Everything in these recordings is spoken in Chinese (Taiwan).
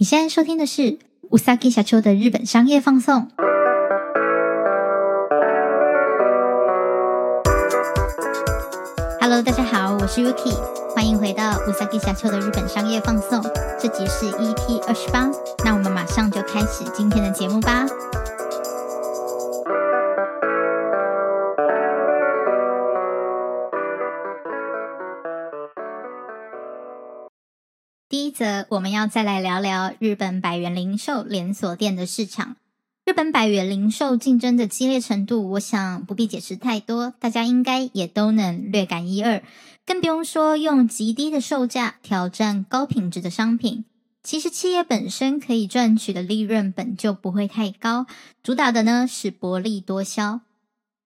你現在收聽的是《うさぎ社長》的日本商業放送。Hello，大家好，我是 Rookie，歡迎回到《うさぎ社長》的日本商業放送。這集是 EP 二十八，那我們馬上就開始今天的節目吧。我們要再來聊聊日本百元零售連鎖店的市場。日本百元零售競爭的激烈程度，我想不必解釋太多，大家應該也都能略感一二。更不用說用極低的售價挑戰高品質的商品。其實企業本身可以賺取的利潤本就不會太高，主打的呢是薄利多銷。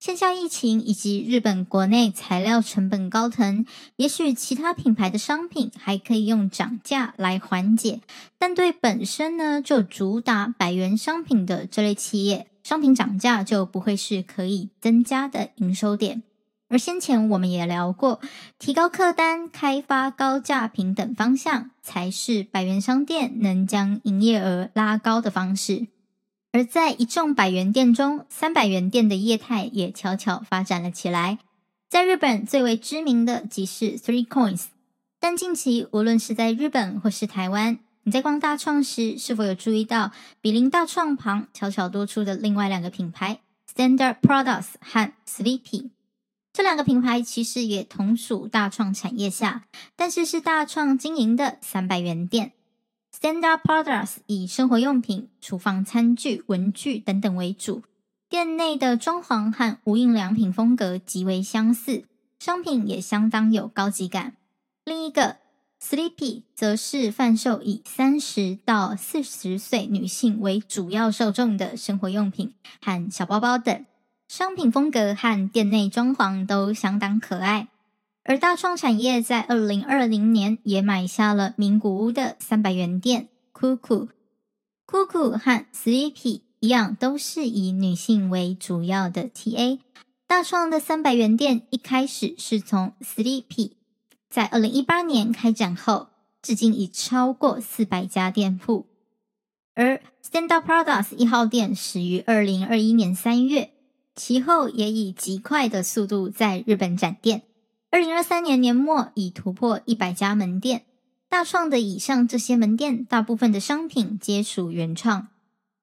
線下疫情以及日本國內材料成本高騰，也許其他品牌的商品還可以用漲價來緩解，但對本身呢就主打百元商品的這類企業，商品漲價就不會是可以增加的營收點。而先前我們也聊過，提高客單、開發高價品等方向才是百元商店能將營業額拉高的方式。而在一眾百元店中，三百元店的業態也悄悄發展了起來。在日本最為知名的即是 3COINS，但近期無論是在日本或是台灣，你在逛大創時，是否有注意到比鄰大創旁悄悄多出的另外兩個品牌 Standard Products 和 THREEPPY？這兩個品牌其實也同屬大創產業下，但是是大創經營的三百元店。Standard Products 以生活用品、廚房餐具、文具等等為主，店內的裝潢和無印良品風格極為相似，商品也相當有高級感。另一個 THREEPPY 則是販售以三十到四十歲女性為主要受眾的生活用品和小包包等，商品風格和店內裝潢都相當可愛。而大創產業在二零二零年也買下了名古屋的三百元店 CooCoo，CooCoo 和 THREEPPY 一樣都是以女性為主要的 TA。大創的三百元店一開始是從 THREEPPY 在二零一八年開展後，至今已超過四百家店鋪。而 Standard Products 一號店始於二零二一年三月，其後也以極快的速度在日本展店。二零二三年年末已突破一百家門店，大創的以上這些門店，大部分的商品皆屬原創。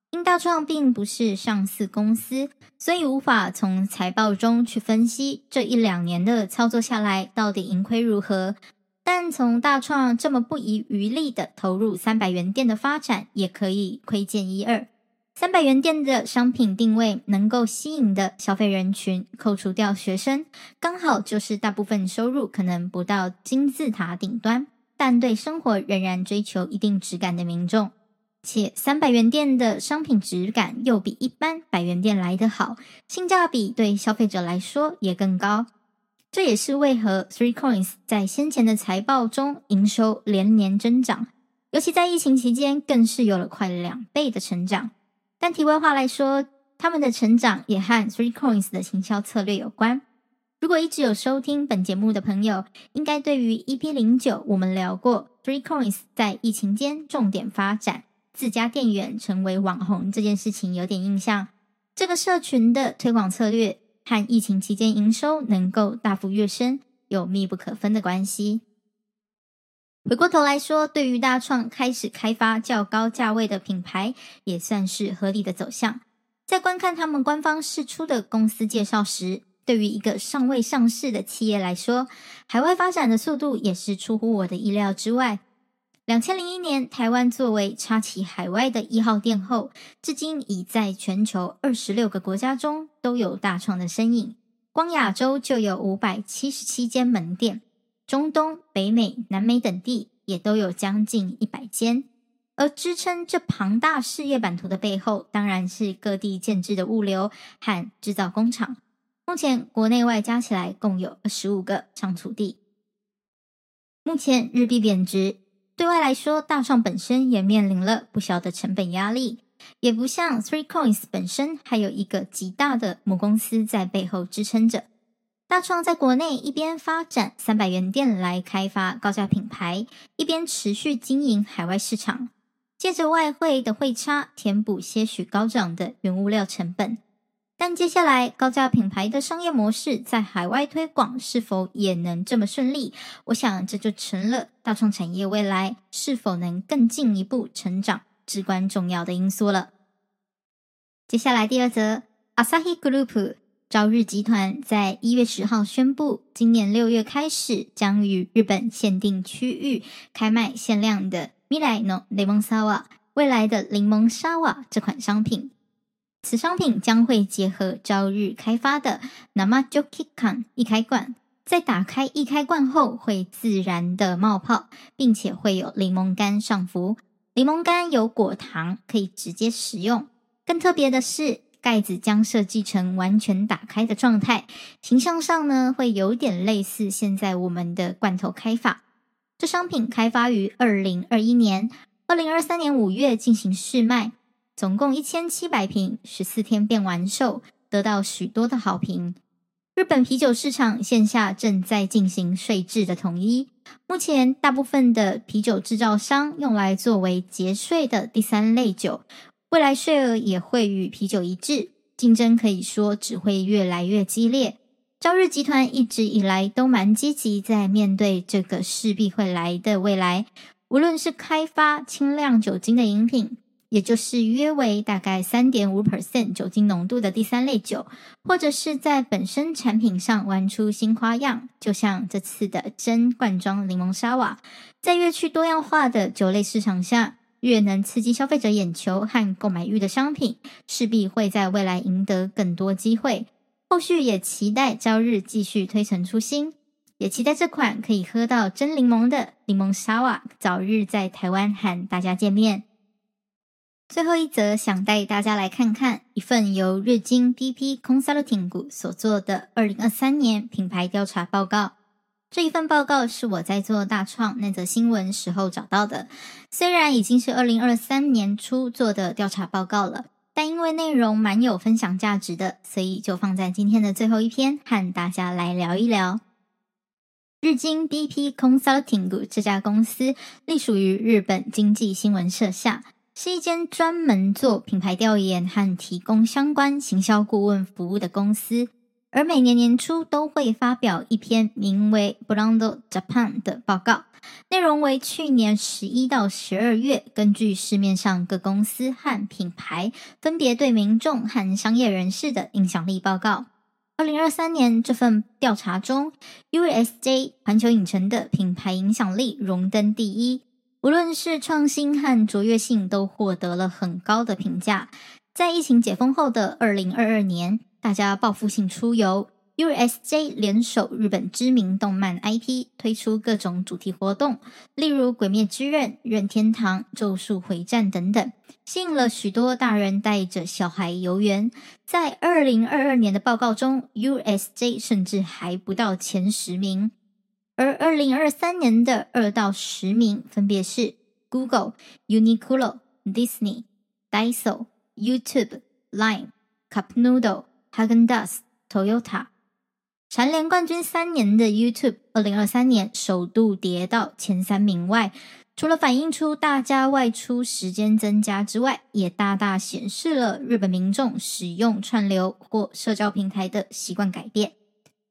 因大創並不是上市公司，所以無法從財報中去分析這一兩年的操作下來到底盈虧如何。但從大創這麼不遺餘力的投入三百元店的發展，也可以窺見一二。三百元店的商品定位能夠吸引的消費人群，扣除掉學生，剛好就是大部分收入可能不到金字塔頂端，但對生活仍然追求一定質感的民眾。且三百元店的商品質感又比一般百元店來得好，性價比對消費者來說也更高。這也是為何 Three Coins 在先前的財報中營收連年增長，尤其在疫情期間更是有了快了兩倍的成長。但題外話來說，他們的成長也和 3COINS 的行銷策略有關。如果一直有收聽本節目的朋友，應該對於 EP09 我們聊過 3COINS 在疫情間重點發展自家店員成為網紅這件事情有點印象。這個社群的推廣策略和疫情期間營收能夠大幅躍升有密不可分的關係。回過頭來說，對於大創開始開發較高價位的品牌，也算是合理的走向。在觀看他們官方釋出的公司介紹時，對於一個尚未上市的企業來說，海外發展的速度也是出乎我的意料之外。2001年，台灣作為插旗海外的一號店後，至今已在全球26個國家中都有大創的身影，光亞洲就有577間門店。中東、北美、南美等地也都有將近一百間，而支撐這龐大事業版圖的背後，當然是各地建制的物流和製造工廠。目前國內外加起來共有二十五個倉儲地。目前日幣貶值，對外來說，大創本身也面臨了不小的成本壓力，也不像 Three Coins 本身還有一個極大的母公司在背後支撐着。大創在國內一邊發展三百元店來開發高價品牌，一邊持續經營海外市場，借着外匯的匯差填補些許高漲的原物料成本。但接下來，高價品牌的商業模式在海外推廣是否也能這麼順利？我想這就成了大創產業未來是否能更進一步成長至關重要的因素了。接下來第二則，Asahi Group。朝日集團在一月十號宣布，今年六月開始，將於日本限定區域開賣限量的 MIRAI NO 檸檬沙瓦，未來的檸檬沙瓦這款商品。此商品將會結合朝日開發的 NAMA JOKI CAN 易開罐，在打開易開罐後會自然的冒泡，並且會有檸檬乾上浮。檸檬乾有果糖，可以直接食用。更特別的是。蓋子將設計成完全打開的狀態，形象上呢會有點類似現在我們的罐頭開法。這商品開發於二零二一年，二零二三年五月進行試賣，總共一千七百瓶，十四天便完售，得到許多的好評。日本啤酒市場線下正在進行稅制的統一，目前大部分的啤酒製造商用來作為節稅的第三類酒。未來稅額也會與啤酒一致，競爭可以說只會越來越激烈。朝日集團一直以來都蠻積極在面對這個勢必會來的未來，無論是開發輕量酒精的飲品，也就是約為大概三點五 percent 酒精濃度的第三類酒，或者是在本身產品上玩出新花樣，就像這次的真罐裝檸檬沙瓦，在越趨多樣化的酒類市場下，越能刺激消費者眼球和購買慾的商品，勢必會在未來贏得更多機會。後續也期待朝日繼續推陳出新，也期待這款可以喝到真檸檬的檸檬沙瓦早日在台灣和大家見面。最後一則想帶大家來看看一份由日經 BP Consulting 所做的二零二三年品牌調查報告。這一份報告是我在做大創那則新聞時候找到的，雖然已經是二零二三年初做的調查報告了，但因為內容蠻有分享價值的，所以就放在今天的最後一篇和大家來聊一聊。日經 BP Consulting 這家公司隸屬於日本經濟新聞社下，是一間專門做品牌調研和提供相關行銷顧問服務的公司。而每年年初都會發表一篇名為《Brand Japan》的報告，內容為去年十一到十二月根據市面上各公司和品牌分別對民眾和商業人士的影響力報告。二零二三年這份調查中，USJ 環球影城的品牌影響力榮登第一，無論是創新和卓越性都獲得了很高的評價。在疫情解封後的二零二二年，大家報復性出遊，USJ 聯手日本知名動漫 IP 推出各種主題活動，例如《鬼滅之刃》《任天堂》《咒術回戰》等等，吸引了許多大人帶着小孩遊園。在2022年的報告中，USJ 甚至還不到前十名，而2023年的二到十名分別是 Google、Uniqlo、Disney、Daiso、YouTube、Line、Cup Noodle 哈根達斯、Toyota、蟬聯冠軍三年的 YouTube，二零二三年首度跌到前三名外，除了反映出大家外出時間增加之外，也大大顯示了日本民眾使用串流或社交平台的習慣改變。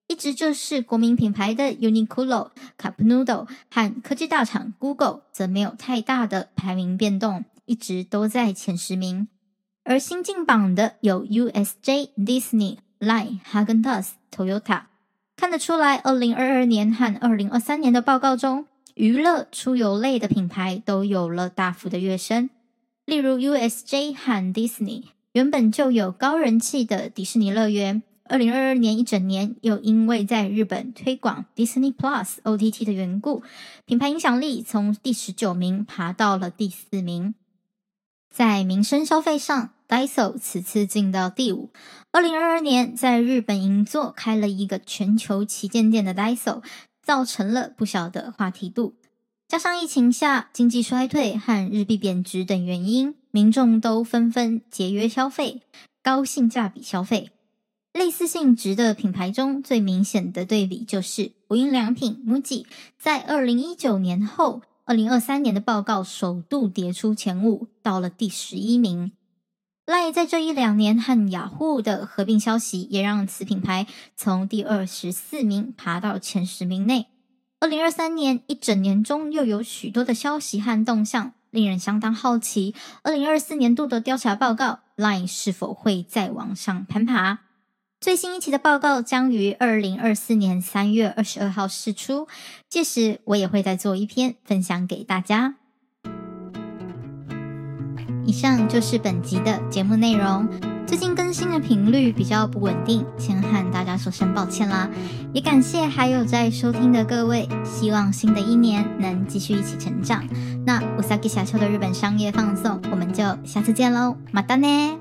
一直就是國民品牌的 Uniqlo、Cup Noodle 和科技大廠 Google，則沒有太大的排名變動，一直都在前十名。而新進榜的有 U S J、Disney、Line、哈根達斯、Toyota。看得出來，二零二二年和二零二三年的報告中，娛樂出遊類的品牌都有了大幅的躍升。例如 U S J 和 Disney，原本就有高人氣的迪士尼樂園，二零二二年一整年又因為在日本推廣 Disney Plus O T T 的緣故，品牌影響力從第十九名爬到了第四名。在民生消費上，Daiso 此次進到第五。二零二二年，在日本銀座開了一個全球旗艦店的 Daiso，造成了不小的話題度。加上疫情下經濟衰退和日幣貶值等原因，民眾都紛紛節約消費、高性價比消費。類似性質的品牌中最明顯的對比就是無印良品 MUJI，在二零一九年後，二零二三年的報告首度跌出前五，到了第十一名。LINE 在這一兩年和雅虎的合併消息，也讓此品牌從第二十四名爬到前十名內。二零二三年一整年中，又有許多的消息和動向，令人相當好奇。二零二四年度的調查報告，LINE 是否會再往上攀爬？最新一期的報告將於二零二四年三月二十二號釋出，屆時我也會再做一篇分享給大家。以上就是本集的節目內容。最近更新的頻率比較不穩定，先和大家說聲抱歉啦。也感謝還有在收聽的各位，希望新的一年能繼續一起成長。那うさぎ社長的日本商業放送，我們就下次見嘍，またね。